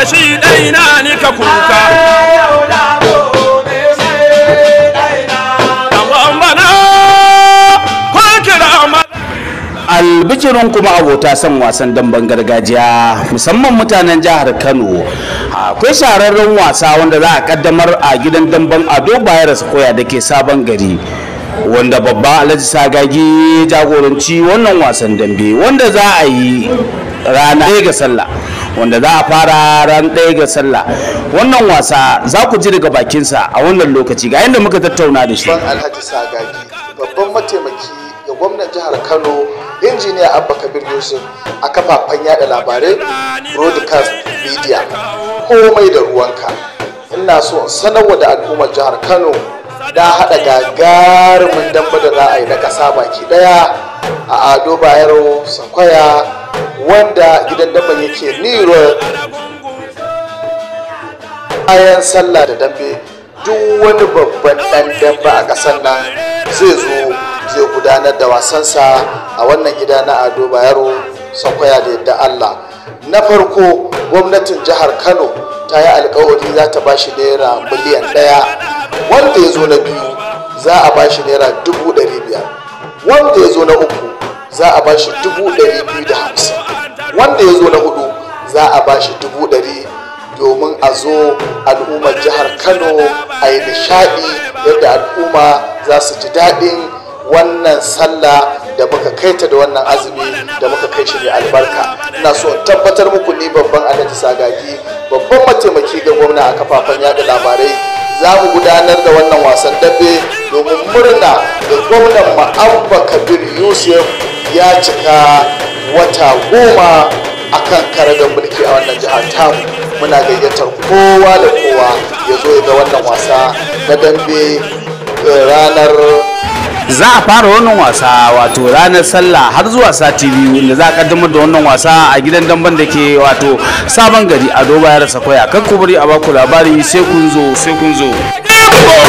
da shi daina ni ka kuka albijirin kuma abota son wasan damben gargajiya musamman mutanen jihar kano akwai shahararren wasa wanda za a kaddamar a gidan damben ado bayarsa koya da ke sabon gari wanda babba alhaji sagagi jagoranci wannan wasan dambe wanda za a yi rana ga sallah wanda za a fara ran ɗaya ga sallah wannan wasa za ku ji daga bakinsa a wannan lokaci ga yadda muka tattauna da shi alhaji sagagi babban mataimaki ga gwamnan jihar kano injiniya abba kabir yusuf a kafafen yada labarai broadcast media komai da ruwanka ina so in sanarwa da al'ummar jihar kano na haɗa gagarumin damba da za a yi na ƙasa baki ɗaya a ado bayero sakwaya wanda gidan dambe yake niro bayan sallah da dambe duk wani babban dan dambe a ƙasar nan zai zo zai gudanar da wasansa a wannan gida na ado bayero sakwaya da yadda allah na farko gwamnatin jihar kano ta yi alkawari za ta ba shi naira miliyan ɗaya wanda ya zo na biyu za a ba shi naira dubu ɗari biyar wanda ya zo na uku za a ba shi dubu ɗari biyu da hamsin wanda ya zo na hudu za a ba shi dubu ɗari domin a zo al'ummar jihar kano a yi nishaɗi yadda al'umma za su ji daɗin wannan sallah da muka ta da wannan azumi da muka kai shi ne albarka ina so tabbatar muku ni babban alhaji sagagi babban mataimaki ga gwamna a kafafen yada labarai za mu gudanar da wannan wasan dabe domin murna da gwamnan ma'abba kabir yusuf ya cika wata goma a kan karagar mulki a wannan jihar tam muna gayyatar kowa da kowa ya zo ga wannan wasa na dambe eh, ranar za a fara wannan wasa wato ranar sallah har zuwa sati biyu inda za a kaddamar da wannan wasa a gidan damban da ke wato sabon gari a doba ya rasa kwaya kan kubari a baku labari sai kun zo sai kun zo